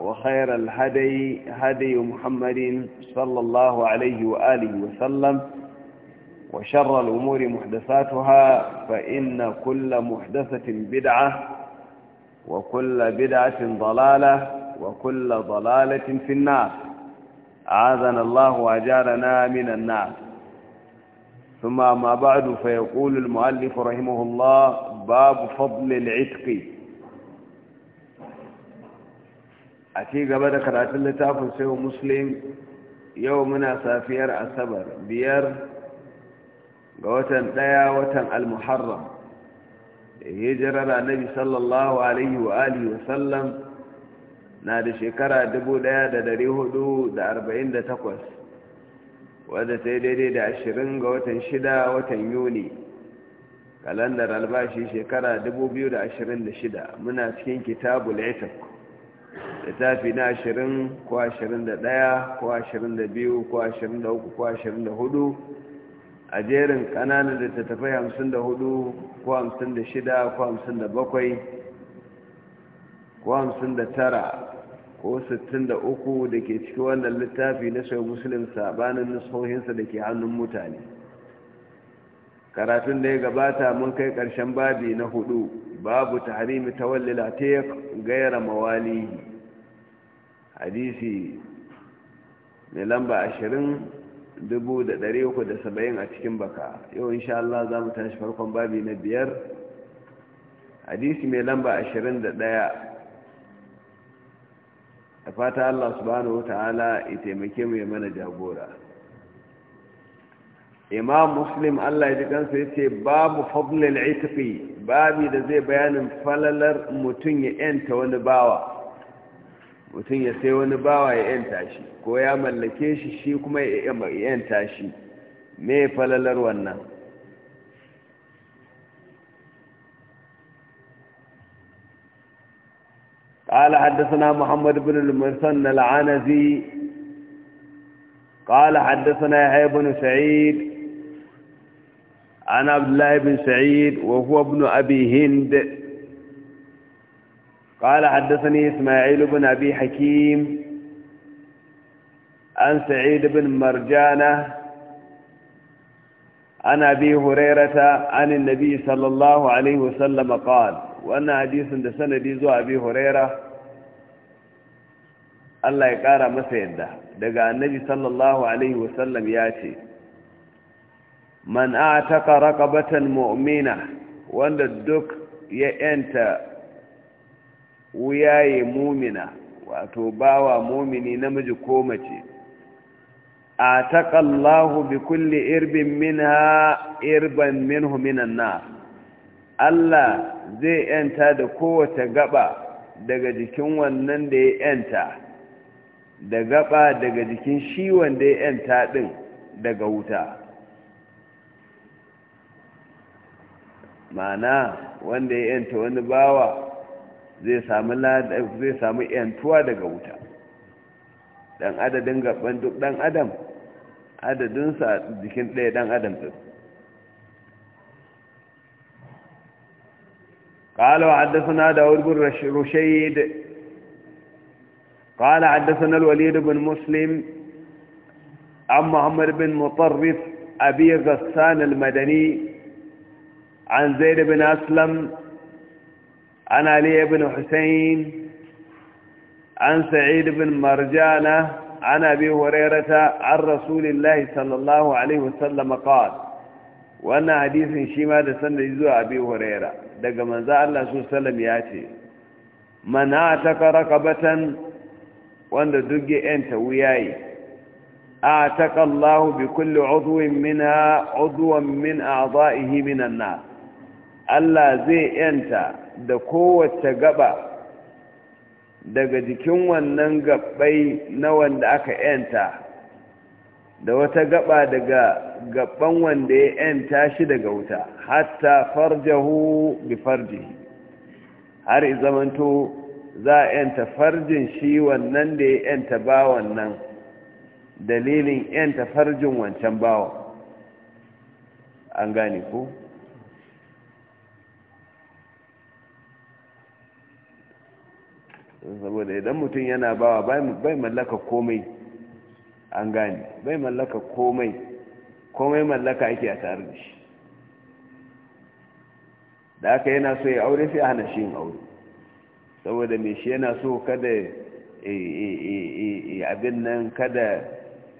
وخير الهدي هدي محمد صلى الله عليه وآله وسلم وشر الأمور محدثاتها فإن كل محدثة بدعة وكل بدعة ضلالة وكل ضلالة في النار أعاذنا الله وأجارنا من النار ثم ما بعد فيقول المؤلف رحمه الله باب فضل العتق a ci gaba da karatun littafin wa muslim yau muna safiyar asabar biyar ga watan ɗaya watan al-muharram hijirar annabi sallallahu alaihi wa alihi wa sallam na da shekara 1448 wadda ta yi daidai da 20 ga watan 6 watan yuni kalandar albashi shekara 2026 muna cikin kitabul itak littafi na ashirin ko ashirin da ɗaya ko ashirin da biyu ko ashirin da uku ko ashirin da hudu a jerin ƙananan littattafai hamsin da hudu ko hamsin da shida ko hamsin da bakwai ko hamsin da tara ko sittin da uku da ke cikin wannan littafi na sai musulun sabanin nusohinsa da ke hannun mutane karatun da ya gabata mun kai karshen babi na hudu babu ta harimi wallila ta ya gaira mawali hadisi mai lamba 20,370 a cikin baka yau insha Allah za mu tashi farkon babi na biyar hadisi mai lamba 21 da fata Allah subhanahu ta'ala ya taimake mu ya mana jagora imam muslim allah ya ji kansa ya ce babu fadlil itiqi babi da zai bayanin falalar mutum ya yanta wani bawa mutum ya sai wani bawa ya yanta shi ko ya mallake shi shi kuma ya yanta shi me falalar wannan قال حدثنا محمد بن المرسن العنزي قال حدثنا يحيى بن سعيد عن عبد الله بن سعيد وهو ابن أبي هند قال حدثني إسماعيل بن أبي حكيم عن سعيد بن مرجانة عن أبي هريرة عن النبي صلى الله عليه وسلم قال وأن حديث دسنة ديزو أبي هريرة الله يقارى مسيدة دقى النبي صلى الله عليه وسلم ياتي man ataka raqabatan mu'mina wanda duk ya yanta wuyaye mumina wato bawa mumini namiji ko mace ataka Allahu bi kulli irbin minha irban minhu minan nar Allah zai yanta da kowace gaba daga jikin wannan da ya yanta da gaba daga jikin shi wanda ya yanta din daga wuta ma'ana wanda ya yanta wani bawa zai samu zai samu yantuwa daga wuta dan adadin gaban duk dan adam adadin sa jikin ɗaya dan adam din قال وحدثنا داود بن رشيد قال حدثنا الوليد بن مسلم عن محمد بن مطرف أبي غسان المدني عن زيد بن أسلم عن علي بن حسين عن سعيد بن مرجانة عن أبي هريرة عن رسول الله صلى الله عليه وسلم قال وأن حديث شما دسند يزوى أبي هريرة دقى من ذا الله صلى الله عليه وسلم ياتي من أعتق رقبة وأن دقى أنت وياي أعتق الله بكل عضو منها عضوا من أعضائه من النار Allah zai yanta da kowace gaba daga jikin wannan gabbai na wanda aka yanta da wata gaba daga gabban wanda ya yanta shi daga wuta hatta farjahu bi farjihi har izamanto za a yanta farjin shi wannan da ya yanta ba wannan, dalilin yanta farjin wancan bawan an gane ku saboda idan mutum yana bawa bai mallaka komai an gane bai mallaka komai komai mallaka ake a tare da shi da aka yana so ya aure sai a hana shi yin aure saboda mai shi yana so kada abin nan kada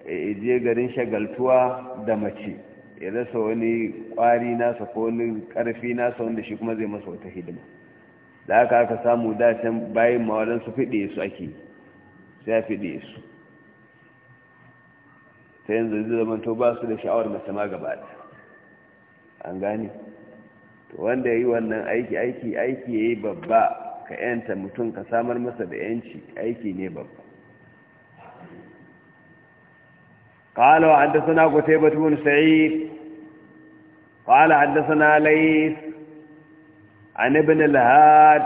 je garin shagaltuwa da mace ya rasa wani kwari nasa ko wani karfi nasa wanda shi kuma zai masa wata hidima da aka aka samu dacen bayan mawadansu fiɗe su ake sai fiɗe su ta yanzu zai zama to ba su da sha'awar mace ma gaba da an gani to wanda ya yi wannan aiki aiki aiki ya yi babba ka yanta mutum ka samar masa da yanci aiki ne babba قال وحدثنا قتيبة بن سعيد قال حدثنا ليث عن ابن الهاد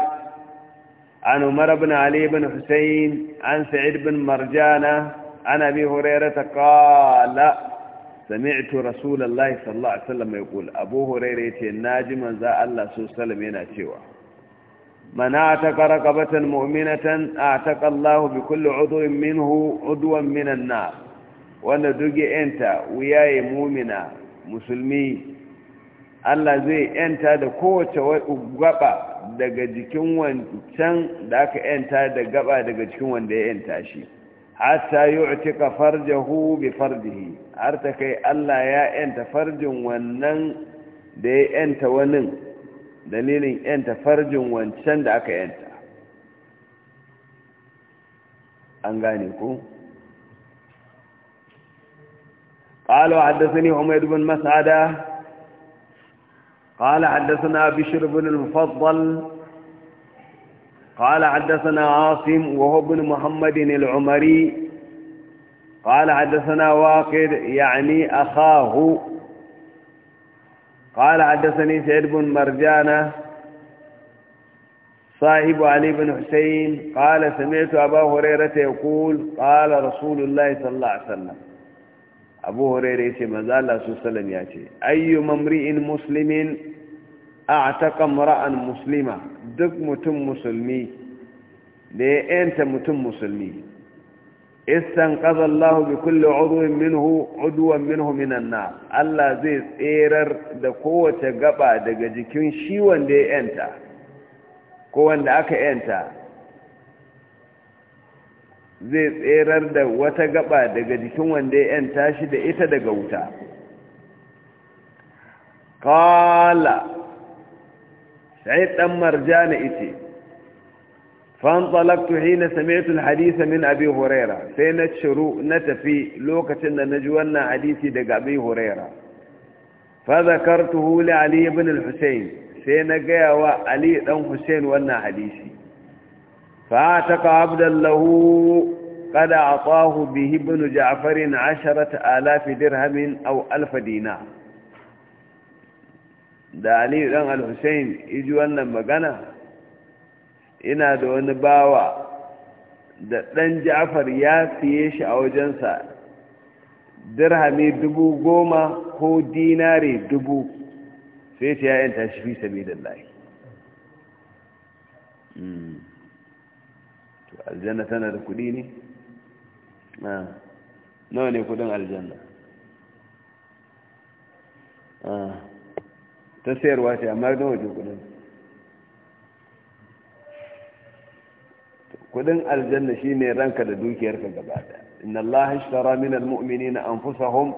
عن عمر بن علي بن حسين عن سعيد بن مرجانة عن أبي هريرة قال سمعت رسول الله صلى الله عليه وسلم يقول أبو هريرة الناجم ذا الله صلى الله عليه وسلم يناتيوه من اعتق رقبة مؤمنة اعتق الله بكل عضو منه عضوا من النار وانا دقي انت وياي مؤمنة مسلمي Allah zai yanta da kowace gaba daga jikin wancan da aka yanta da gaba daga cikin wanda ya yanta shi hatta yu'tika farjahu bi farjihi har ta kai Allah ya yanta farjin wannan da ya yanta wani dalilin yanta farjin wancan da aka yanta an gane ku قالوا حدثني عمير بن مسعده قال حدثنا بشر بن المفضل قال حدثنا عاصم وهو بن محمد العمري قال حدثنا واقد يعني أخاه قال حدثني سعيد بن مرجانة صاحب علي بن حسين قال سمعت أبا هريرة يقول قال رسول الله صلى الله عليه وسلم أبو هريرة ما زال الله صلى الله عليه وسلم يأتي أي ممرئ مسلم a'taqa mar'an muslima duk mutum musulmi da ya yanta mutum musulmi Istan Allahu bi kulli 'udwin minhu 'udwan minhu minan nar Allah zai tserar da kowace gaba daga jikin shi wanda ya yanta ko wanda aka yanta zai tserar da wata gaba daga jikin wanda ya yanta shi da ita daga wuta kala سعيد أم مرجان إتي فانطلقت حين سمعت الحديث من أبي هريرة سينتشرو نتفي لوكة نجوانا حديثي دق أبي هريرة فذكرته لعلي بن الحسين سينقيا وعلي بن حسين وانا حديثي فاعتق عبدا له قد أعطاه به ابن جعفر عشرة آلاف درهم أو ألف دينار da ali ɗan al-hussein iji wannan magana ina da wani bawa da ɗan ja'afar ya fiye shi a wajensa dirhami dubu goma ko dinare dubu sai ta yayin shi fi sabi da hmm. to aljanna tana da kudi ne? nawa ne kudin aljanna? Ah. ta sayarwa ce amma da waje kudin kudin aljanna shine ranka da dukiyarka gaba da inna allaha ishtara min almu'minina anfusahum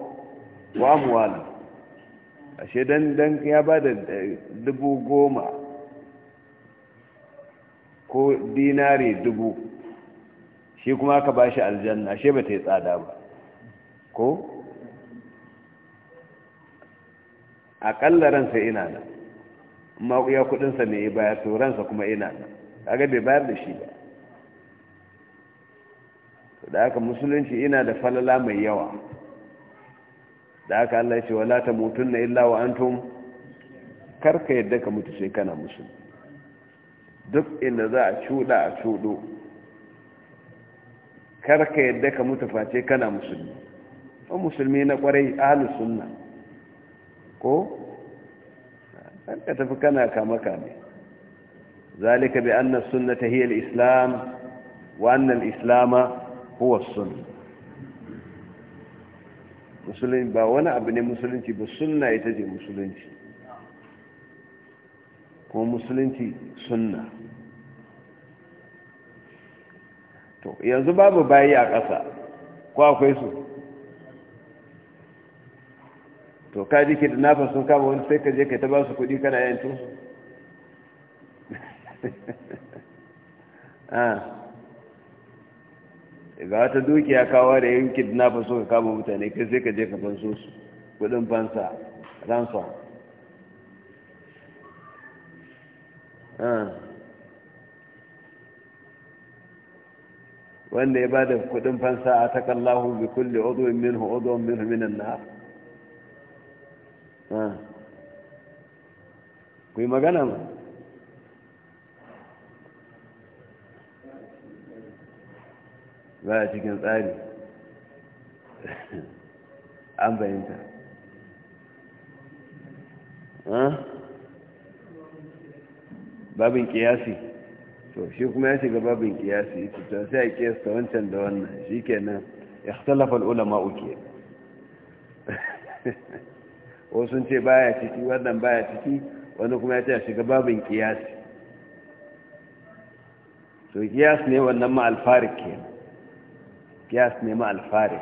wa amwalahum ashe dan dan ya bada eh, dubu goma ko dinari dubu shi kuma aka bashi aljanna ashe ba ta yi tsada ba ko aƙalla ransa ina nan amma ya kudinsa ne ya bayar to ransa kuma ina nan kaga bai bayar da shi ba da haka musulunci ina da falala mai yawa da haka Allah ya ce wala ta mutun na illa wa antum karka yadda ka mutu sai kana musulmi duk inda za a cuda a cudo karka yadda ka mutu face kana musulmi ko musulmi na kwarai ahlus sunna ko ka tafi kana kama kame zalika bi anna sunnata hiya al-islam wa anna al-islam huwa as-sunnah ba wani abu ne musulunci ba sunna ita ce musulunci ko musulunci sunna to yanzu babu bayi a ƙasa ko akwai su to ka ji kidnapper sun kama wani sai ka je ka ta ba su kudi kana yancin su ah. ga wata dukiya kawo da yin kidnapper sun kama mutane kai sai ka je ka fanso su kudin fansa ransom ah. wanda ya ba da kudin fansa a takallahu bi kulle odo minhu odo minhu minan nar ku yi magana ma ba a cikin tsari an bayanta babin kiyasi to shi kuma ya shiga babin kiyasi to sai a kiyasta wancan da wannan shi kenan ya salafa al'ulama uke wasu sun ce baya ciki wannan baya ciki wani kuma ya ce a shiga babin kiyasi to kiyas ne wannan ma alfarik ke kiyas ne ma alfarik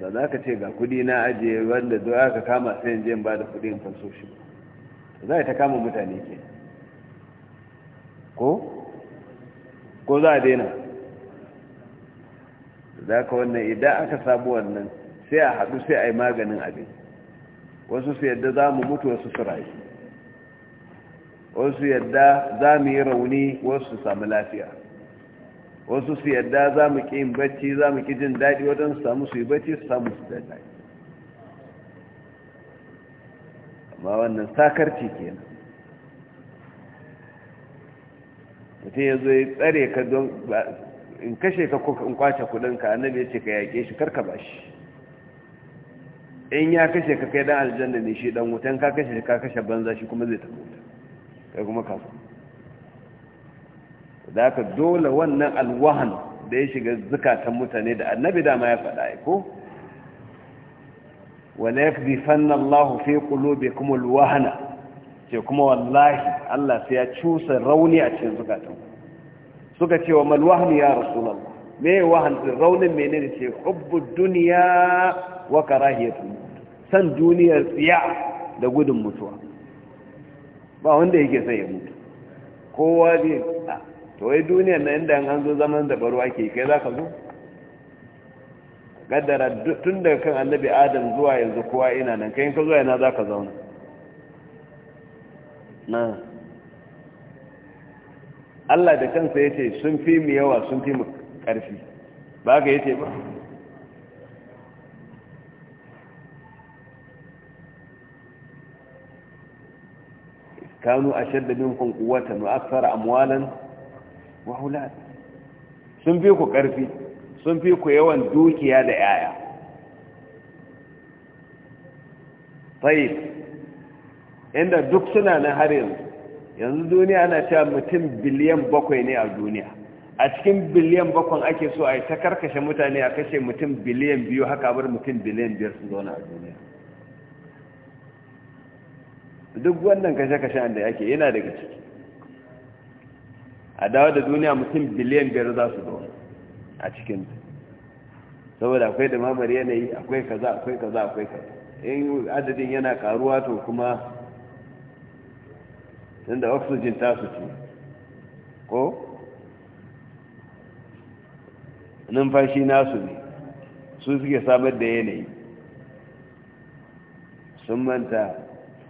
da za ka ce ga kudi na ajiye wanda za ka kama sayan jiyan ba da kudi in za ta kama mutane ke ko ko za a daina za ka wannan idan aka samu wannan sai a haɗu sai a yi maganin abin wasu su yadda za mu mutu wasu su rayu wasu yadda za mu yi rauni wasu su samu lafiya wasu su yadda za mu ƙi yin bacci za mu ƙi jin daɗi wajen su samu su yi bacci su samu su da daɗi amma wannan sakarci kenan mutum ya zo ya tsare ka don in kashe ka in kwace kudinka annabi ya ce ka yaƙe shi karka ba shi in ya kashe ka kai dan aljanna ne shi dan wutan ka kashe ka kashe banza shi kuma zai ta mutu kai kuma ka da ka dole wannan alwahan da ya shiga zukatan mutane da annabi dama ya faɗa ai ko wala fanna Allahu fi qulubikum alwahana ce kuma wallahi Allah sai ya cusa rauni a cikin zukatan ku suka ce wa malwahni ya rasulallah me wahan raunin da ce hubbud duniya wa karahiyatu san duniyar tsiya da gudun mutuwa ba wanda yake sai ya mutu kowa zai a to wai duniyar na inda an zo zaman da baruwa ke kai za ka zo Gadara tun daga kan annabi adam zuwa yanzu kowa ina nan kai ka zuwa yana za ka zauna na Allah da kansa ya ce sun fi mu yawa sun fi mu ƙarfi ba ga ya ce ba kanu a shadda minkum quwwatan wa aksara amwalan wa aulad sun fi ku ƙarfi sun fi ku yawan dukiya da yaya tayyib inda duk suna na har yanzu yanzu duniya ana cewa mutum biliyan bakwai ne a duniya a cikin biliyan bakwai ake so a yi ta karkashe mutane a kashe mutum biliyan biyu haka bar mutum biliyan biyar su zauna a duniya duk wannan kashe-kashe da yake yana daga ciki a dawo da duniya mutum biliyan biyar za su zauna a cikin saboda akwai da mamari yanayi akwai kaza akwai kaza akwai kaza in adadin yana karuwa to kuma tunda oxygen ta su ce ko numfashi nasu ne su suke samar da yanayi sun manta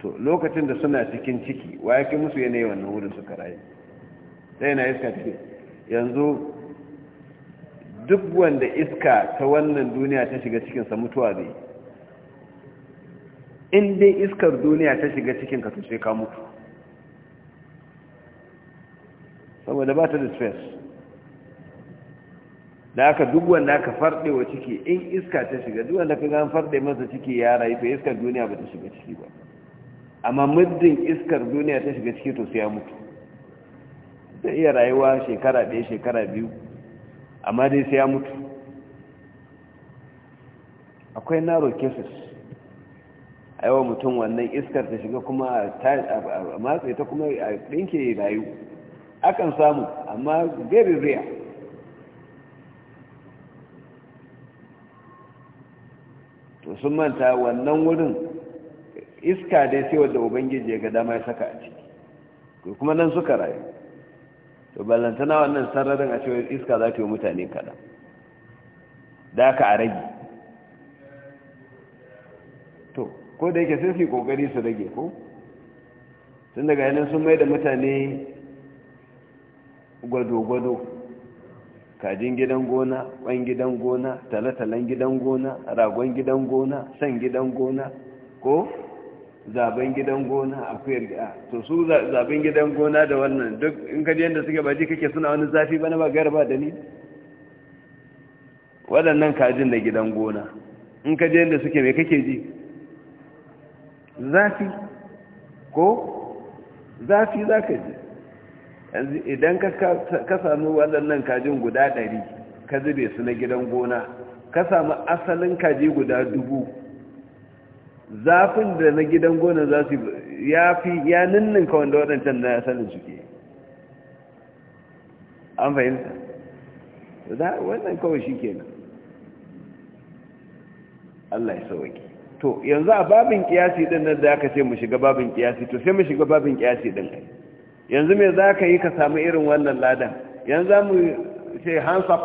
to lokacin da suna cikin ciki wa yake musu yanayi wannan wurin suka rayu sai na iska ciki yanzu duk wanda iska ta wannan duniya ta shiga cikinsa mutuwa zai in dai iskar duniya ta shiga cikinka to sai ka mutu saboda ba ta da space da aka duk wanda aka farɗe wa ciki in iska ta shiga duk wanda ka gan farɗe masa ciki ya rayu ba iskar duniya ba ta shiga ciki ba amma muddin iskar duniya ta shiga ciki to sai ya mutu zai iya rayuwa shekara ɗaya shekara biyu amma dai sai ya mutu akwai narrow cases a yawan mutum wannan iskar ta shiga kuma a matse ta kuma a ɗinke rayu akan samu amma gari riya to sun manta wannan wurin iska dai sai wadda ubangiji ya ga dama ya saka a ciki kuma nan suka rayu to ballantana wannan sararin a cewa iska za ta yi mutane kaɗan da aka a rage to ko da yake sai su yi ƙoƙari su rage ko tun daga yanin sun mai da mutane gwado-gwado kajin gidan gona ƙwan gidan gona talatalan gidan gona ragon gidan gona san gidan gona ko zaben gidan gona a a to su zaben gidan gona da wannan duk in kaji yadda suke baji kake suna wani zafi bana ba gara ba ni waɗannan kajin da gidan gona in kaji yadda suke mai kake ji zafi ko zafi za ka ji yanzu idan ka sami waɗannan kajin guda ɗari ka zube su na gidan gona ka sami asalin kaji guda dubu zafin da na gidan gona za su ya fi ya ninninka wanda waɗancan na asalin suke an fahimta wannan kawai shi kenan Allah ya sauwaki to yanzu a babin kiyasi ɗin nan da aka ce mu shiga babin kiyasi to sai mu shiga babin kiyasi ɗin kai yanzu me za ka yi ka samu irin wannan ladan yanzu za mu ce hansa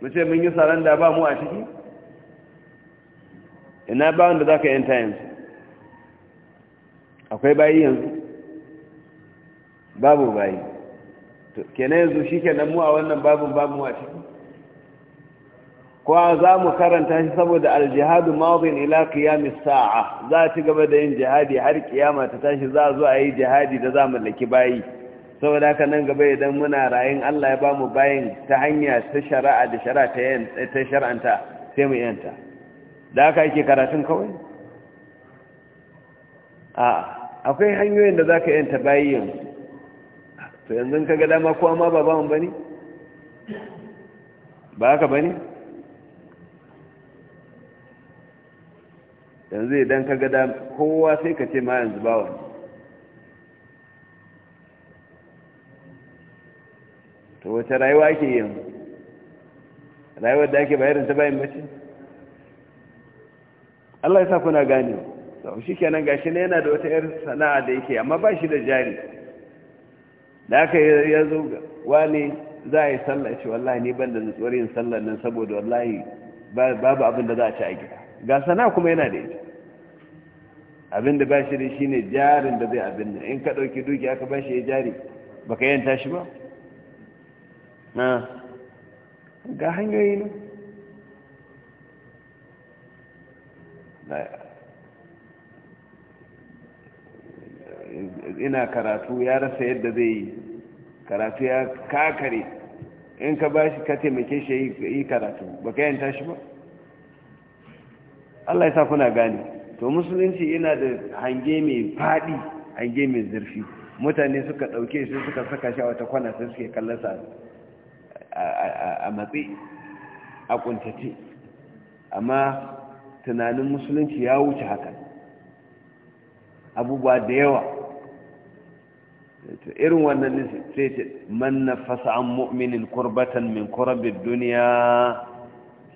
mu ce mun yi da ba mu a ciki ina ba wanda za ka yanta yanzu akwai bayi yanzu babu bayi kenan yanzu shi kenan mu a wannan babin babu a ciki kuwa za mu karanta shi saboda aljihadu mawdin ila qiyamis sa'a za a ci gaba da yin jihadi har kiyama ta tashi za a zo a yi jihadi da za mallaki bayi saboda haka nan gaba idan muna rayin Allah ya ba mu bayin ta hanya ta shari'a da shari'a ta shar'anta sai mu yanta da haka yake karatun kawai a akwai hanyoyin da za ka yanta bayi yanzu to yanzu ka ga dama kowa ma ba ba mu ba ba haka bane yanzu idan ka gada kowa sai ka ce ma yanzu ba wani to wace rayuwa ke yin? rayuwar da ake bayarin ta bayan mace Allah ya sa kuna gane sau shi kenan gashi ne yana da wata yar sana'a da yake amma ba shi da jari da aka ya zo wani za a yi sallah ce wallahi ni ban da nutsuwar yin sallah nan saboda wallahi babu abin da za a ci a gida ga sana kuma yana da ita abin da ba shi da shi ne jarin da zai abin nan in ka ɗauki duki aka ba shi ya jari ba ka yanta shi ba ga hanyoyi ne ina karatu ya rasa yadda zai yi karatu ya kakare in ka ba shi ka taimake shi yi karatu ba ka yanta shi ba Allah ya sa kuna gane to musulunci yana da hange mai faɗi hange mai zurfi mutane suka ɗauke shi suka saka shi a wata kwana sai suke kallon a matsi a kuntace amma tunanin musulunci ya wuce haka abubuwa da yawa irin wannan sai ce man nafasa an mu'minin kurbatan min kurabin duniya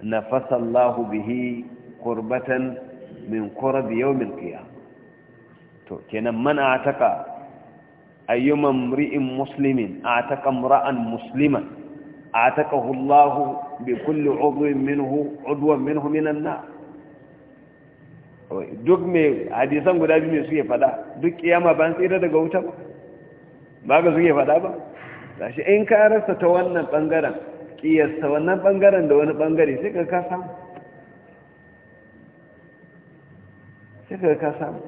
nafasa Allahu bihi kurbatan min kurabi yau milkiya to kenan man a taka ayyuman ri'in musulmin a taka mura'an musulman a taka hullahu bi kulle uduwan minhu minan na duk mai hadisan guda biyu mai suke fada duk kiyama ban tsira daga wuta ba ba ga suke fada ba shi in ka rasa ta wannan bangaren ƙiyasta wannan bangaren da wani bangare sai ka kasa sai ka ka samu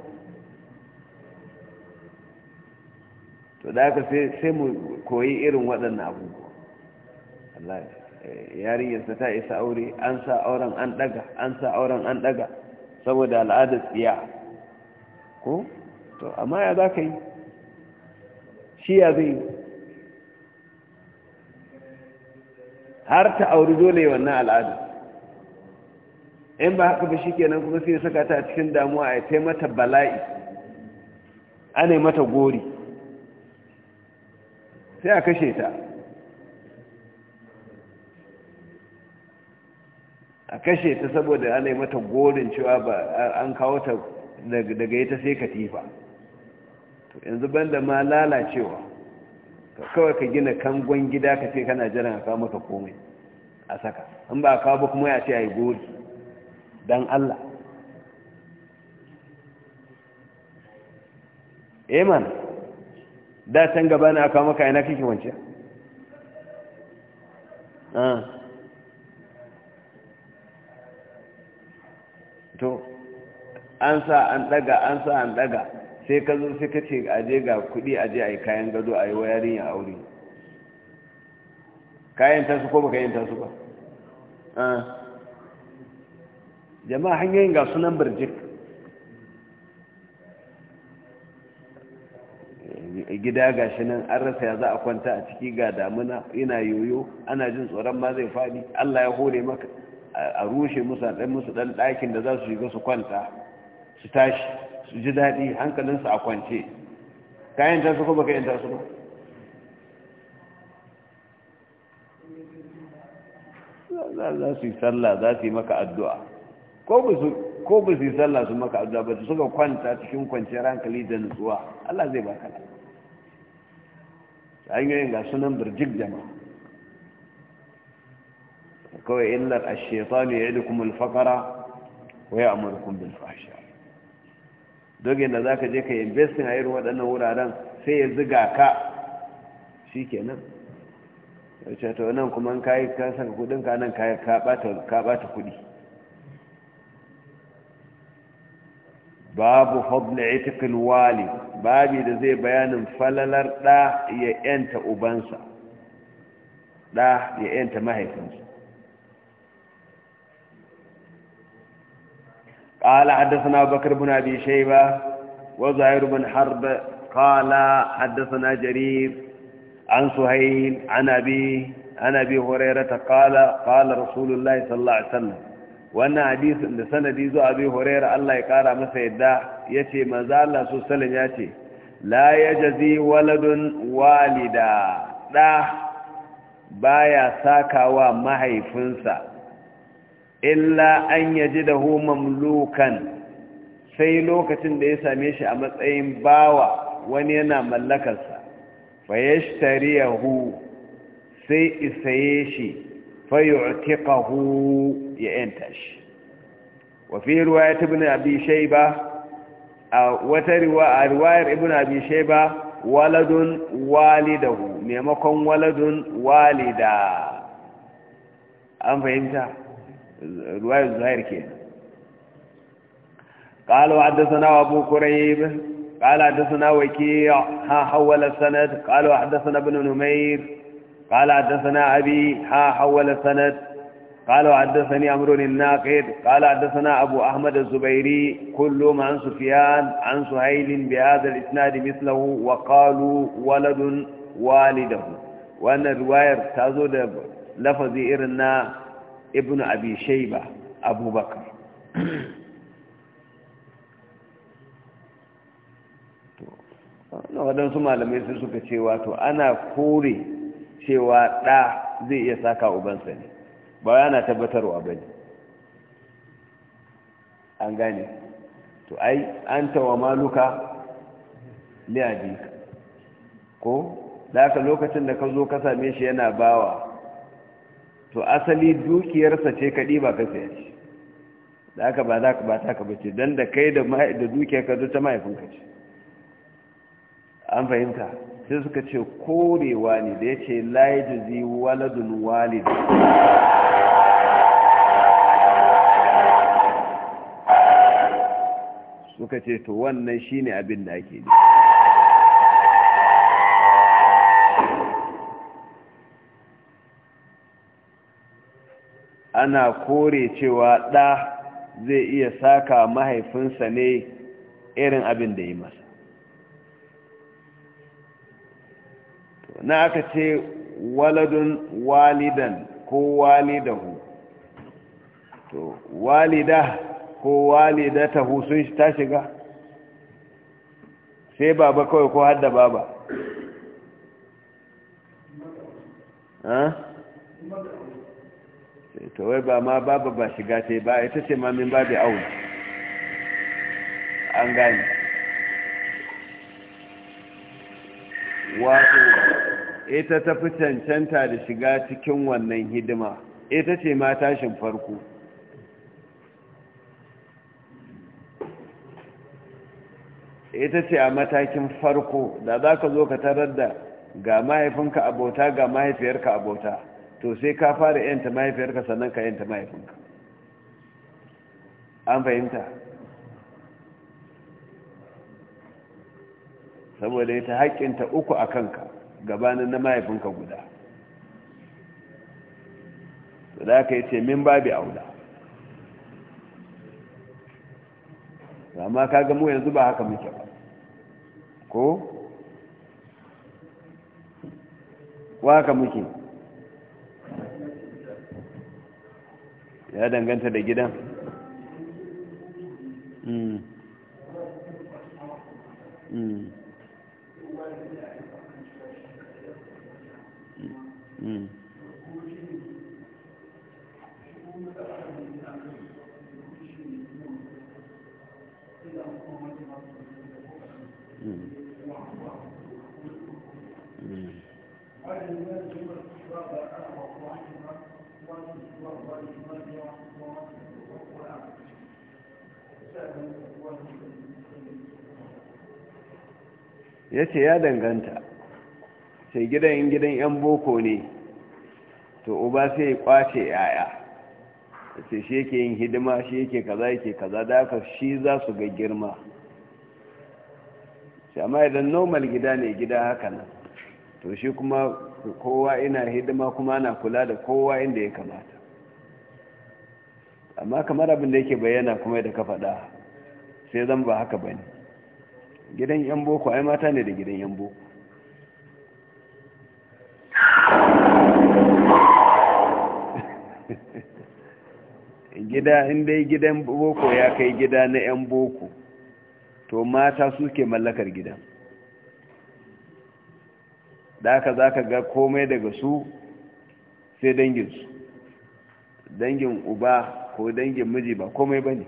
to da aka sai mu koyi irin waɗannan abubuwa Allah eh, yarinyarsa ta isa aure an sa auren an ɗaga an sa auren an ɗaga saboda al'adar tsiya ko to amma ya za ka yi shi ya zai har ta auri dole wannan al'adar in ba haka ba shi kenan kuma sai saka ta a cikin damuwa a ta mata bala'i a ne mata gori sai a kashe ta a kashe ta saboda ana mata gorin cewa ba an kawo ta daga ita sai katifa to yanzu banda ma lalacewa kawai ka gina kangon gida ka ce kana jiran a kawo maka komai a saka in ba a kawo ba kuma ya ce a yi gori don Allah eman eh, da can gaba na aka maka yana kike wance ah. to an sa an daga an sa an daga sai ka zo sai ka ce aje ga kudi aje a yi kayan gado a yi wayarin ya aure kayan tasu ko ba kayan tasu ba ah. jama'a hanyoyin ga sunan birjik eh, gida ga shi nan an rasa ya za a kwanta a ciki ga damuna ina yoyo ana jin tsoron ma zai faɗi allah ya hore maka a rushe musu dan musu ɗan ɗakin da za su shiga su kwanta su tashi su ji daɗi hankalinsu a kwance kayan ta su kuma kayan ta su ba za su yi sallah za su yi maka addu'a ko ba su yi sallah su maka addu'a ba su suka kwanta cikin kwanciyar hankali da nutsuwa Allah zai baka ta hanyoyin ga sunan birjik jama'a kawai illar ashetanu ya idu kuma alfakara ko ya amurkun bin fasha doge da za ka je ka yi investin a irin waɗannan wuraren sai ya ziga ka shi kenan ya ce ta wannan kuma kayi kasar kudinka nan ka bata kudi باب babu fadli itiqil wali babi بيان zai bayanin falalar انت ya yanta ubansa انت ما هي mahaifinsa قال حدثنا ابو بكر بن أبي شيبة وزهير بن حرب قال حدثنا جرير عن سهيل عن أبيه عن أبي هريرة قال قال رسول الله صلى الله عليه وسلم wannan hadisi da sanadi zuwa abi horayar Allah ya kara masa yadda yace maza Allah su ya yace la yajzi waladun walida da baya sakawa mahaifinsa illa an yajidahu mamlukan sai lokacin da ya same shi a matsayin bawa wani yana mallakarsa fa yashtariyahu sai isaye shi فيعتقه ينتش وفي رواية ابن أبي شيبة وترواية رواية ابن أبي شيبة ولد والده ميمكن ولد والدا أم فهمت رواية الزهير كيف قالوا حدثنا أبو كريب قال حدثنا وكيع ها حول السند قالوا حدثنا ابن نمير قال حدثنا أبي ها حول السند قال حدثني عمرو الناقد قال حدثنا أبو أحمد الزبيري كلهم عن سفيان عن سهيل بهذا الإسناد مثله وقالوا ولد والده وأن الرواية تزود لفظ إرنا ابن أبي شيبة أبو بكر waɗansu malamai sai suka ce wato ana kore cewa ɗa zai iya saka ubansa ne ba yana tabbatarwa ba ne an gane to ai an tawa maluka liyadika ko da ka lokacin da ka zo ka same shi yana bawa to asali dukiyarsa ce kaɗi ba ka saya shi da ka ba za ka ba ka bace don da kai da dukiyar ka zo ta mahaifinka ce an fahimta sai suka ce korewa ne da ya ce laijizi waladun walid suka ce to wannan shi ne abin da ake ne ana kore cewa ɗa zai iya saka mahaifinsa ne irin abin da yi masa na aka ce waladun walidan ko walidahu to walida ko walidatahu sun ta shiga sai baba kawai ko hadda baba eh, to wai ba ma baba ba shiga sai ba ita ce ma min babi aun an gani wato ita ta fi cancanta da shiga cikin wannan hidima ita ce ma tashin farko ita ce a matakin farko da za ka zo ka tarar da ga mahaifinka abota ga mahaifiyarka abota to sai ka fara yanta mahaifiyarka sannan ka yanta mahaifinka an fahimta saboda ita haƙƙinta uku a kanka gabanin na mahaifinka guda to da aka yi ce min babi aula amma ka mu yanzu ba haka muke ba ko wa haka muke ya danganta da gidan mm. mm. ya ce ya danganta sai gidan gidan 'yan boko ne to uba sai ya kwace 'ya'ya sai shi yake yin hidima shi yake kaza yake kaza da haka shi za su ga girma shi amma idan normal gida ne gida haka nan to shi kuma kowa ina hidima kuma ana kula da kowa inda ya kamata amma kamar abin da yake bayyana kuma da ka faɗa sai zan ba haka bane gidan yan boko ai mata ne da gidan yan boko gida dai gidan boko ya kai gida na yan boko to mata suke mallakar gidan da zaka za ka ga komai daga su sai dangin su, dangin uba ko dangin miji ba komai ba ne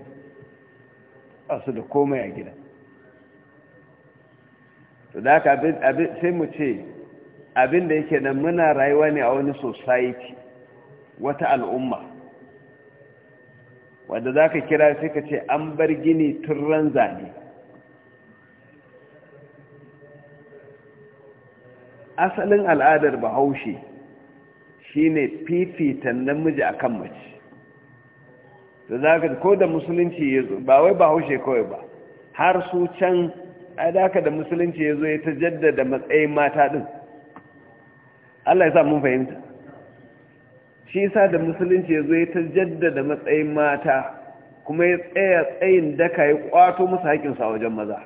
su da komai a gidan to da haka sai mu ce abin da yake nan muna rayuwa ne a wani society wata al'umma wanda za ka kira sai ka ce an bar gini turren zane asalin al'adar bahaushe shine fifita namiji akan mace da za ka ko da musulunci ya zo ba wai Bahaushe kawai ba har su can ai da haka da musulunci ya zo ya ta jaddada matsayin mata ɗin? Allah ya sa mun fahimta shi yasa da musulunci ya zo ya ta jaddada matsayin mata kuma ya tsaya tsayin daka ya kwato musu haƙƙinsu a wajen maza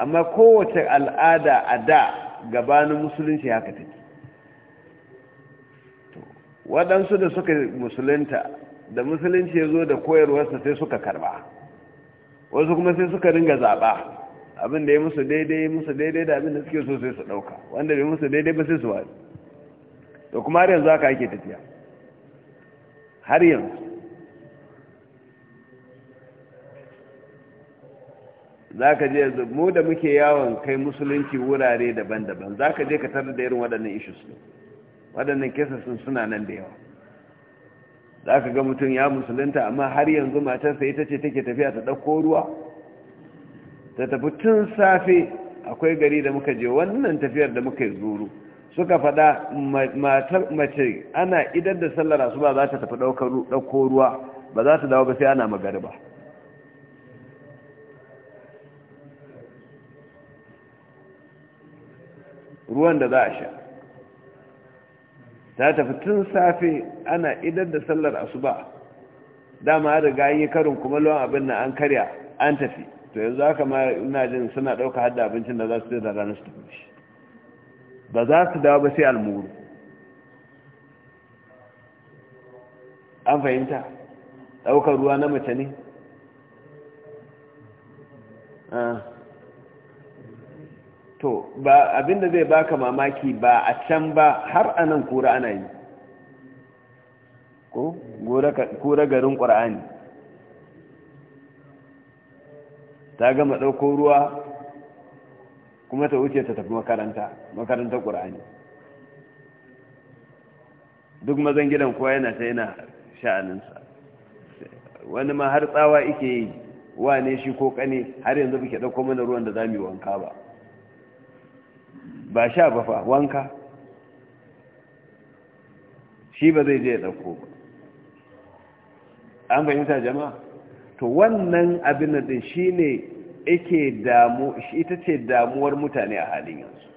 amma kowace al'ada a da gabanin musulunci haka take waɗansu da suka musulunta da musulunci ya zo da koyarwarsa sai suka karba wasu kuma sai suka ringa zaɓa abin da ya musu daidai musu daidai da abin da suke so sai su ɗauka wanda bai musu daidai ba sai su wari da kuma har yanzu haka ake tafiya har yanzu za ka je mu da muke yawon kai musulunci wurare daban-daban za ka je ka tarar da irin waɗannan issues waɗannan kesa sun suna nan da yawa za ka ga mutum ya musulunta amma har yanzu matarsa ita ce take tafiya ta ɗauko ruwa ta tafi tun safe akwai gari da muka je wannan tafiyar da muka yi zuru suka faɗa matar mace ana idan da sallar su ba za ta tafi ɗauko ruwa ba za ta dawo ba sai ana ba ruwan da za a sha ta tafi tun safe ana idan da sallar asuba dama riga an yi karin kuma luwan abin nan an karya an tafi to yanzu haka ma ina jin suna ɗauka hada abincin da za su da ranar su tafi shi ba za su dawo ba sai almuru an fahimta ɗaukar ruwa na mace ne ah. to ba abinda zai baka mamaki ba a can ba har anan kura ana yi ko kura garin ƙura'ani ta gama ɗauko ruwa kuma ta wuce ta tafi makaranta makaranta ƙura'ani duk mazan gidan kowa yana ta yana sha'aninsa wani ma har tsawa ike yi wane shi ko kane har yanzu buke ɗauko mana ruwan da za mu yi wanka ba ba sha ba fa wanka shi ba zai je ya dauko ba an fahimta jama'a to wannan abin da shi ne ake damu ita ce damuwar mutane a halin yanzu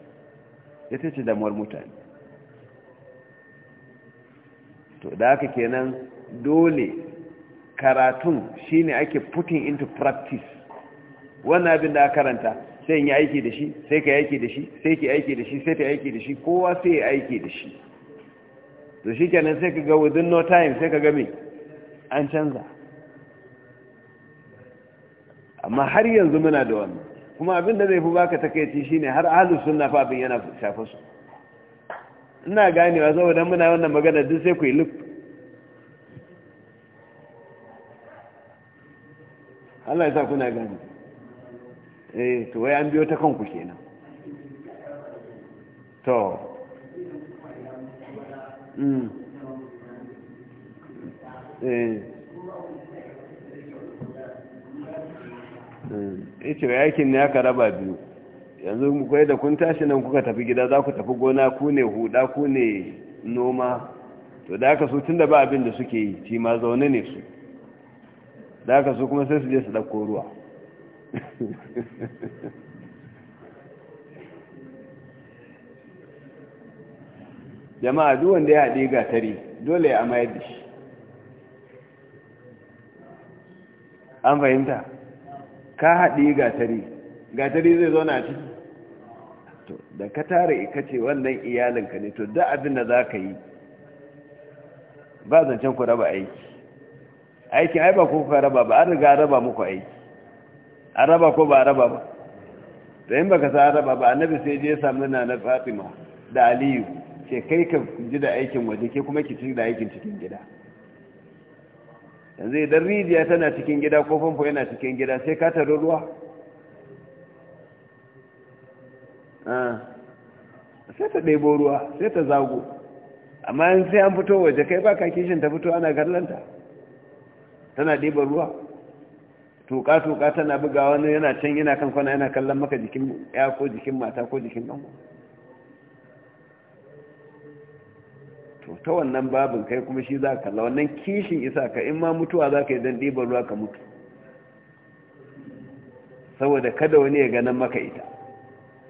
ita ce damuwar mutane to da haka kenan dole karatun shine ake putting into practice wannan abin da karanta sai in yi aiki da shi sai ka aiki da shi sai ki aiki da shi sai ta aiki da shi kowa sai ya aiki da shi to shi kenan sai ka ga within no time sai ka ga me an canza amma har yanzu muna da wannan kuma abin da zai fi baka takaici shine har ahlus sunna fa abin yana shafa su ina ganewa saboda muna wannan magana duk sai ku yi luk Allah ya sa kuna gani eh to wai an biyo ta kanku kenan to mm eh eh ga eh, yakin ne aka raba biyu yanzu kai da kun tashi nan kuka tafi gida za ku tafi gona ku ne huda ku ne noma to da aka su tun da ba abin da suke yi ci ma zaune ne su da aka su kuma sai su je su ɗauko ruwa jama'a duk wanda ya haɗe gatari dole ya amayar da shi an fahimta ka haɗe gatari gatari zai zauna ciki to da ka tara ika ce wannan iyalinka ne to da abin da za ka yi ba zancen ku raba aiki aikin ai ba ku ka raba ba an riga raba muku aiki an raba ko ba araba raba ba da yin baka sa araba raba ba annabi sai je samu na na fatima da aliyu ce kai ka ji da aikin waje ke kuma ki ci da aikin cikin gida yanzu idan rijiya tana cikin gida ko famfo yana cikin gida sai ka taro ruwa ah, sai ta ɗebo ruwa sai ta zago amma sai an fito waje kai ba ka kishin ta fito ana garlanta tana ɗiban ruwa toka-toka tana buga wani yana can yana kan kwana yana kallon maka jikin ya ko jikin mata ko jikin ɗan to ta wannan babin kai kuma shi za ka kalla wannan kishin isa ka in ma mutuwa za ka yi don ɗiban ruwa ka mutu saboda kada wani ya ganin maka ita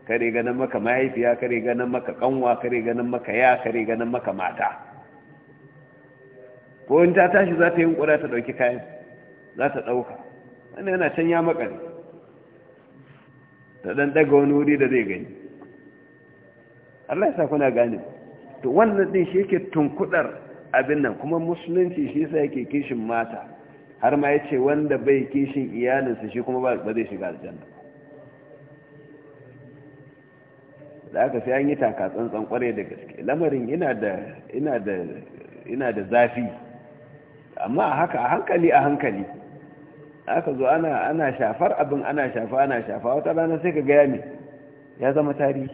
kare ganin maka mahaifiya kare ganin maka kanwa kare ganin maka ya kare ganin maka mata ko in ta tashi za ta yi ƙura ta ɗauki kayan za ta ɗauka wanda yana can ya makale da dan daga wani wuri da zai gani Allah ya sa kuna gane to wannan din shi yake tunkudar abin nan kuma musulunci shi yasa yake kishin mata har ma yace wanda bai kishin iyalinsa shi kuma ba zai shiga aljanna da aka sai an yi taka tsantsan kware da gaske lamarin da ina da zafi amma a haka a hankali a hankali aka zo ana ana shafar abin ana shafa ana shafa wata rana sai ka gaya ne ya zama tarihi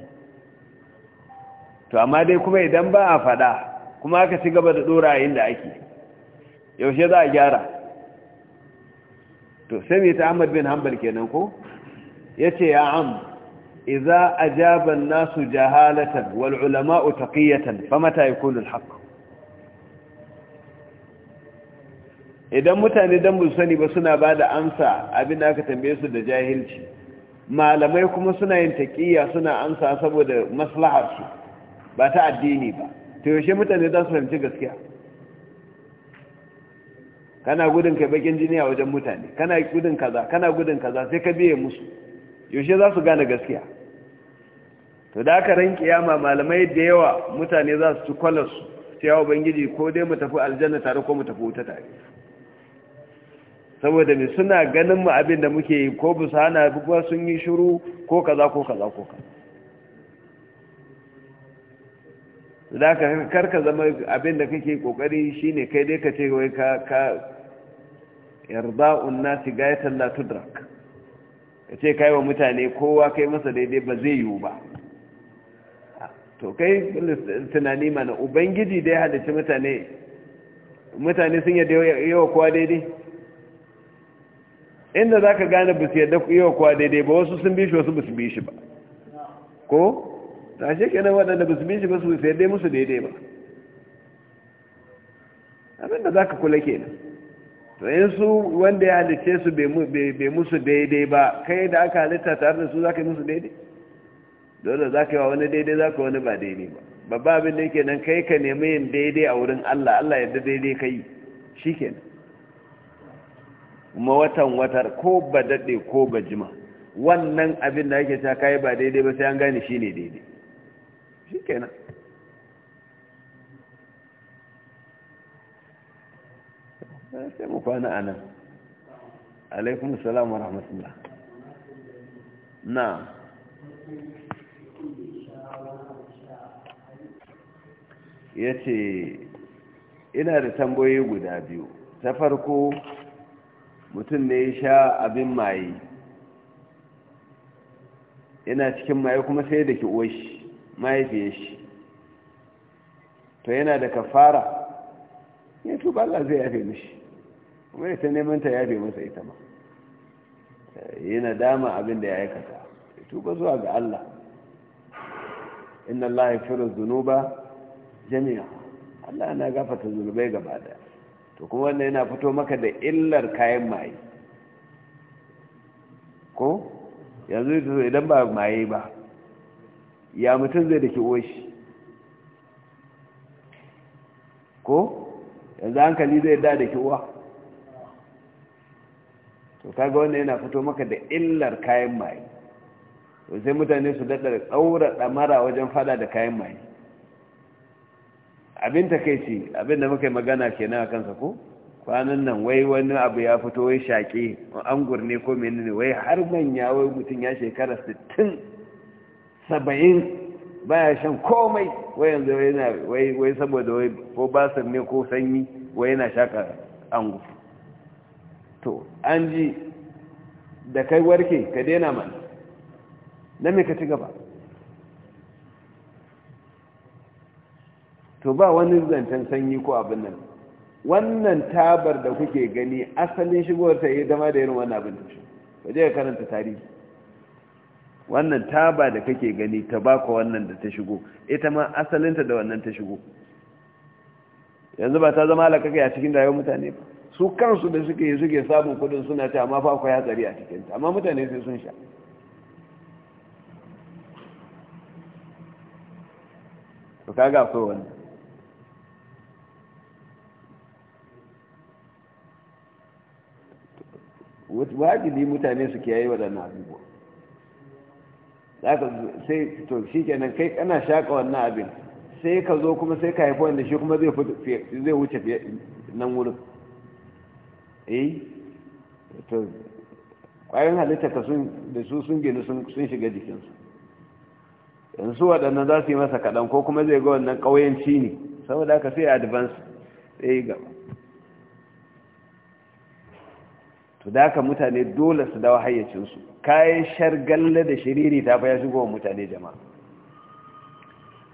to amma dai kuma idan ba a fada kuma aka ci gaba da dora inda ake yaushe za a gyara to sai mai ta ahmad bin hanbal kenan ko yace ce ya am iza ajaban nasu jahalatan wal ulama'u taqiyatan mata yakunu al-haqq idan mutane don bu sani ba suna ba da amsa abin da aka tambaye su da jahilci malamai kuma suna yin taƙiyya suna amsa saboda maslaharsu ba ta addini ba ta yaushe mutane za su fahimci gaskiya kana gudun kai bakin jini a wajen mutane kana gudun kaza kana gudun kaza sai ka biye musu yaushe za su gane gaskiya to da aka ran kiyama malamai da yawa mutane za su ci kwalarsu cewa ubangiji ko dai mu tafi aljanna tare ko mu tafi wuta tare saboda mai suna ganin mu abin da muke yi ko busa hana bukwa sun yi shuru ko kaza ko kaza ko kaza da ka karka zama abin da kake kokari shine kai dai ka ce wai ka ka irda'un nasi gayatan la tudrak ka ce kai wa mutane kowa kai masa daidai ba zai yiwu ba to kai tunani mana ubangiji dai halitta mutane mutane sun yadda yawa kowa daidai inda za ka gane ba su yadda ku yi wa kuwa daidai ba wasu sun bishi wasu ba su bishi ba ko ta shi kenan waɗanda ba su bishi ba su yadda musu daidai ba abinda za ka kula kenan to yin su wanda ya halice su bai musu daidai ba kai da aka halitta tare da su za ka yi musu daidai dole za ka yi wa wani daidai za ka wani ba daidai ba babba abin da yake nan kai ka nemi yin daidai a wurin allah allah yadda daidai ka yi shi kenan kuma watan watar ko ba daɗe ko ba jima wannan abin da ake ta kayi ba daidai ba sai an gane shi ne daidai shi kenan sai mu kwana a nan alaikun rahmatullah na ya ce ina da tambayoyi guda biyu ta farko mutum ne ya sha abin maye yana cikin maye kuma sai da ki'uwar shi mahaifiyar shi to yana da kafara ya tuba Allah zai yafe mishi kuma ya ta neman ta yafe masa ita ma eh, yana dama abin da ya aikata ya tuba zuwa ga Allah inna Allah ya firar zunuba jami'a Allah na gafata zunubai gaba daya to kuma wannan yana fito maka da illar kayan maye ko yanzu idan ba maye ba ya mutum zai da ke shi ko yanzu hankali zai da da kiwa to kaga wannan yana fito maka da illar kayan maye sai mutane su daɗa tsaura ɗamara wajen fada da kayan maye abin ta ce abin da muka yi magana kenan a kansa ko kwanan nan wai wani abu ya fito wai shaƙe an gurne ko menene wai har manya wai mutum ya shekara 60 saba'in, baya shan komai wai yanzu wai saboda wai ko ne ko sanyi wai yana shaƙa gufi to an ji da kai warke ka daina mana na me ka ci gaba to ba wani zancen sanyi ko abin nan wannan tabar da kuke gani asalin shigowar ta yi dama da yin wannan abin da shi waje ka karanta tarihi wannan taba da kake gani ta tabako wannan da ta shigo ita ma asalinta da wannan ta shigo yanzu ba ta zama halakaka a cikin rayuwar mutane ba su kansu da suke yi suke samun kudin suna ta amma fa ya tsari a cikin ta. amma mutane sai sun sha to kaga so wannan wajibi mutane su kiyaye waɗannan abubuwa sai to shi kenan kai kana shaƙa wannan abin sai ka zo kuma sai ka haifi wanda shi kuma zai wuce nan wurin eh to ƙwayoyin halitta ka da su sun gini sun shiga jikinsu yanzu waɗannan za su yi masa kaɗan ko kuma zai ga wannan ƙauyenci ne saboda haka sai advance sai gaba to da haka mutane dole su dawo hayyacinsu kayan shargalle da shiriri ta baya shigowa mutane jama'a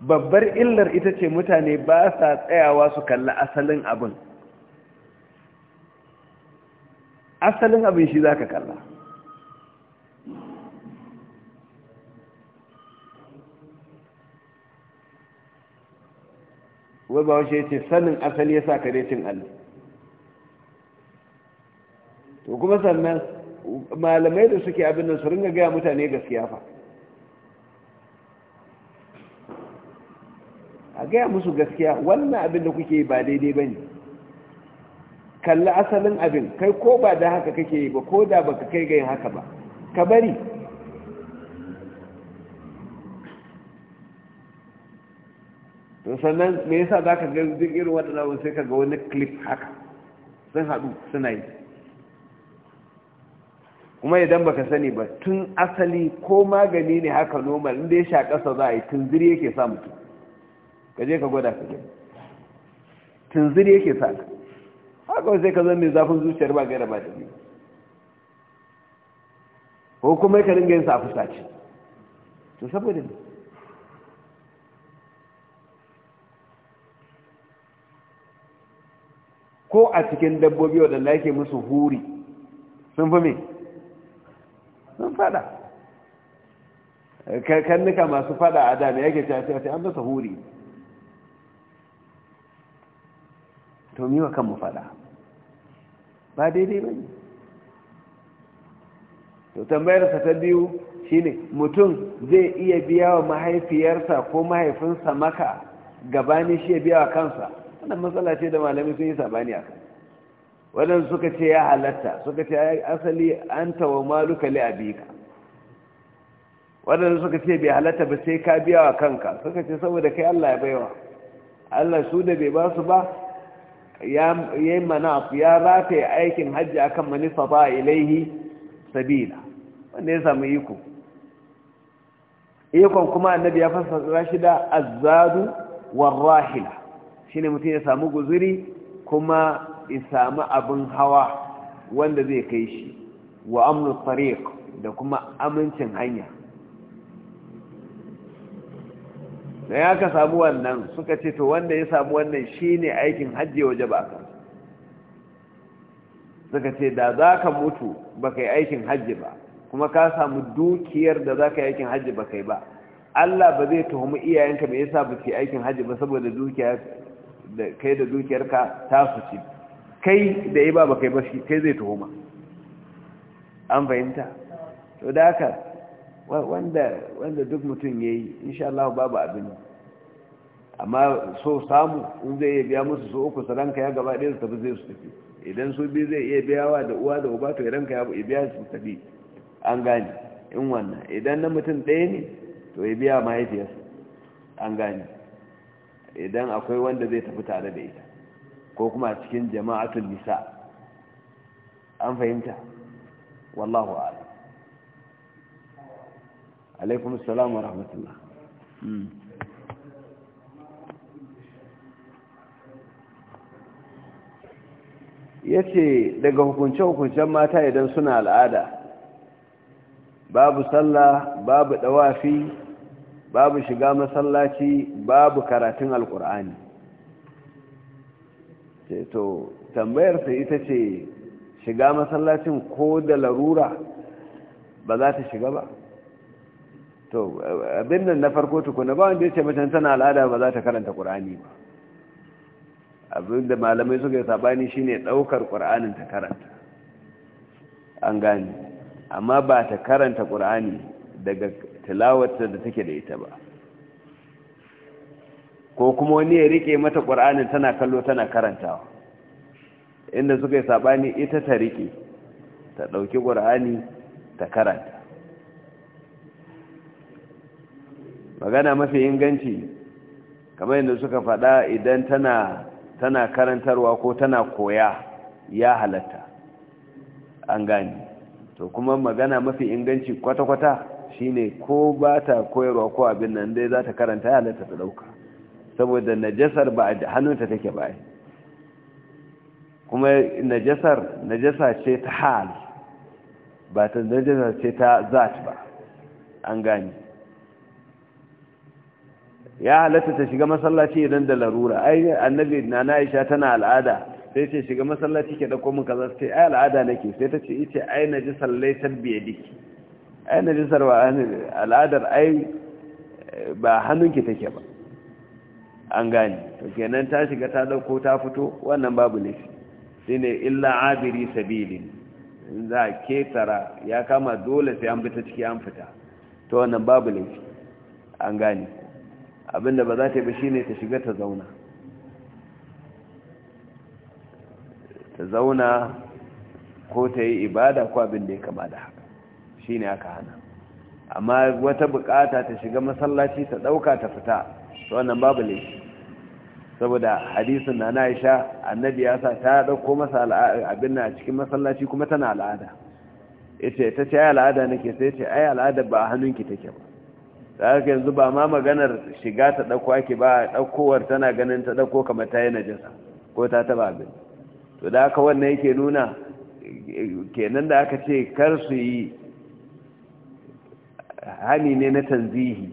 babbar illar ita ce mutane ba sa tsayawa su kalli asalin abin asalin abin shi za ka kalla wai ba wace ce sanin asali ya sa kare cin alli to kuma sannan malamai da suke abin nan su ringa gaya mutane gaskiya fa a gaya musu gaskiya wannan abin da kuke ba daidai ba ne kalli asalin abin kai ko ba da haka kake yi ba ko da ba ka kai ga yin haka ba ka bari sannan me yasa za ka ga duk irin waɗanda sai ka ga wani clip haka sun haɗu suna yi kuma idan baka sani ba tun asali ko magani ne haka normal inda ya sha ƙasa za a yi tunziri yake sa mutum ka je ka gwada ka gani tunziri yake sa ka haka sai ka zan mai zafin zuciyar ba gaira ba da biyu ko kuma ka ringa yin sa a fusace to saboda ne ko a cikin dabbobi waɗanda yake musu huri sun fi mai sun fada karnuka masu fada a dami yake cewa sai an masa huri to miwa kanmu fada ba daidai ba ne to tambayarsa ta biyu shine mutum zai iya biya wa mahaifiyarsa ko mahaifinsa maka gabanin shi ya biya wa kansa wannan matsala ce da malami sun yi sabani a kan waɗansu suka ce ya halatta suka ce asali an tawo maluka li'abika waɗanda suka ce bai halatta ba sai ka biya wa kanka suka ce saboda kai Allah ya baiwa Allah su da bai ba su ba ya yi manaf ya rataye aikin hajji akan manifa ba ilaihi sabila wanda ya samu iko ikon kuma annabi ya fassara shi da azzadu warrahila shine mutum ya samu guzuri kuma isami abin hawa wanda zai kai shi wa amnu tariq da kuma amincin hanya da ya ka samu wannan suka ce to wanda ya samu wannan shine aikin hajji waje ba ka suka ce da za ka mutu ba kai aikin hajji ba kuma ka samu dukiyar da za ka yi aikin hajji ba kai ba Allah ba zai tuhumi iyayenka mai yasa ba ce aikin hajji ba saboda dukiyar da kai da dukiyarka ta su ci kai da iba ba kai ba shi kai zai tuhuma an fahimta to da haka wanda duk mutum ya yayi insha Allah babu abin amma so samu in zai iya biya musu so uku saranka ya gaba ɗaya su tafi zai su tafi idan su biyu zai iya biyawa da uwa da uba to idan ka ya biya su tafi an gane in wannan idan na mutum ɗaya ne to ya biya mahaifiyarsa an gane idan akwai wanda zai tafi tare da ita ko kuma cikin jama'atul nisa an fahimta wallahu a'lam alaikum assalam wa rahmatullah hmm. ya daga hukunce-hukuncen mata idan suna al'ada babu sallah babu dawafi babu shiga masallaci babu karatun alkur'ani Eh, to to tambayarsa ita ce shiga masallacin ko da larura ba za ta shiga ba to abin nan na farko tukuna ba wanda ya ce mace tana al'ada ba za ta karanta ƙur'ani ba abin da malamai suka yi sabani shine ɗaukar ƙur'anin ta karanta an gane amma ba ta karanta ƙur'ani daga tilawarta da take da ita ba ko kuma wani ya rike mata ƙur'ani tana kallo tana karantawa inda suka yi saɓani ita ta rike ta ɗauki ƙur'ani ta karanta magana mafi inganci kamar yadda suka faɗa idan tana tana karantarwa ko tana koya ya halatta an gani to kuma magana mafi inganci kwata-kwata shine ko ba ta koyarwa ko abin nan dai za ta karanta ya halatta ta ɗauka saboda najasar ba a hannunta take ba kuma najasar najasa ce ta hal ba ta najasa ce ta zat ba an gani ya halatta ta shiga masallaci idan da larura ai annabi na Aisha tana al'ada sai ce shiga masallaci ke dauko min kaza sai ai al'ada nake sai ta ce ita ai najasar laysar biyadiki ai najasar wa al'adar ai ba hannunki take ba an gani to kenan ta shiga ta dauko ta fito wannan babu laifi shine illa abiri sabilin in za a tara ya kama dole sai an fita ciki an fita to wannan babu laifi an gani abinda ba za ta yi ba shine ta shiga ta zauna ta zauna ko ta yi ibada ko abin da ya kama da haka shine aka hana amma wata bukata ta shiga masallaci ta dauka ta fita to wannan babu ne saboda hadisin na Aisha annabi ya sa ta dauko masa abin a cikin masallaci kuma tana al'ada yace ta ce al'ada nake sai ce ai al'ada ba a hannunki take ba da haka yanzu ba ma maganar shiga ta dauko ake ba daukowar tana ganin ta dauko kamar ta yi najasa ko ta taba abin to da haka wannan yake nuna kenan da aka ce kar su yi hani ne na tanzihi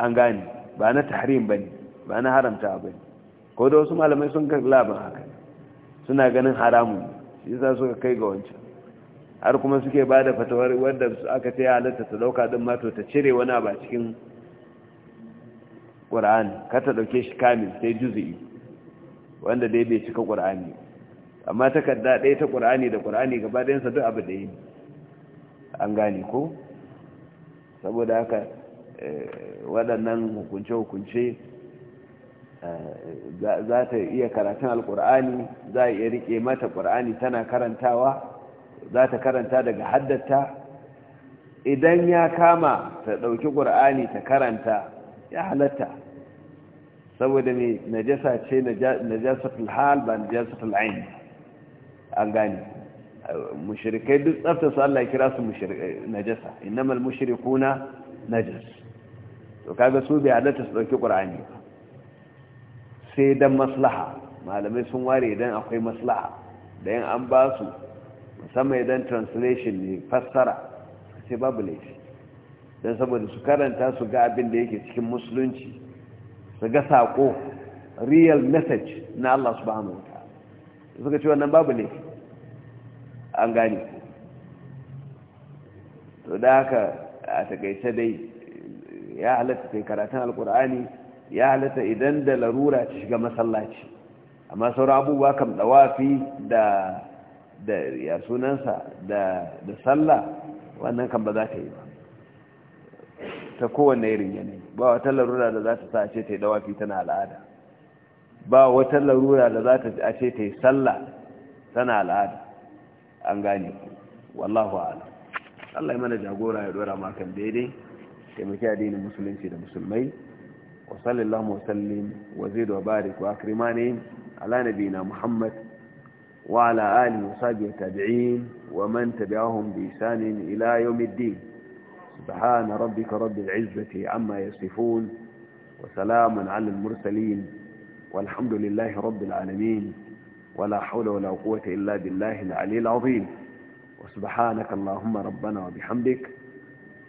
an gane ba na tahrim bane ba na haramta ba ko da wasu malamai sun ga laban haka suna ganin haramun shi yasa suka kai ga wancan har kuma suke ba da fatawar wanda aka ta halatta ta dauka din mato ta cire wani abu a cikin ƙur'ani ka ta dauke shi kamil sai juz'i wanda dai bai cika Qur'ani amma takarda ɗaya ta Qur'ani da Qur'ani gaba ɗayansa duk abu ɗaya an gane ko saboda haka Eh, waɗannan hukunce-hukunce eh, za ta iya karatun Alƙur'ani, za a iya riƙe mata ƙur'ani tana karantawa za ta karanta daga haddata idan ya kama ta ɗauki ƙur'ani ta karanta ya halatta saboda mai najasa ce najasatul hal ba najasatul ain an gani mushrikai duk tsaftar su Allah kira su najasa innamal na najasa to kaga su bai adalta su dauki qur'ani sai dan maslaha malamai sun ware dan akwai maslaha da yan an ba su musamman idan translation ne fassara sai babu laifi don saboda su karanta su ga abin da yake cikin musulunci su ga sako real message na Allah subhanahu wa suka ce wannan babu laifi an gane to da haka a takaice dai ya halatta kai karatun alkur'ani ya halatta idan da larura ta shiga masallaci amma sauran abubuwa kam dawafi da da ya sunansa da da sallah wannan kan ba za ta yi ba ta kowanne irin yanayi ba wata larura da za ta sa ce ta yi dawafi tana al'ada ba wata larura da za ta ce ta yi sallah tana al'ada an gane wallahu ala Allah yi mana jagora ya dora makan daidai كمجادين المسلمين في المسلمين وصل اللهم وسلم وزيد وبارك وأكرماني على نبينا محمد وعلى آله وصحبه التابعين ومن تبعهم بإحسان إلى يوم الدين سبحان ربك رب العزة عما يصفون وسلام على المرسلين والحمد لله رب العالمين ولا حول ولا قوة إلا بالله العلي العظيم وسبحانك اللهم ربنا وبحمدك